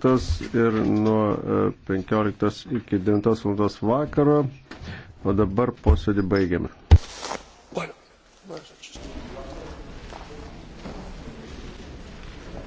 11 ir nuo 15 e, iki 9 val. vakaro, o dabar posėdį baigiame. Bueno, buenas noches.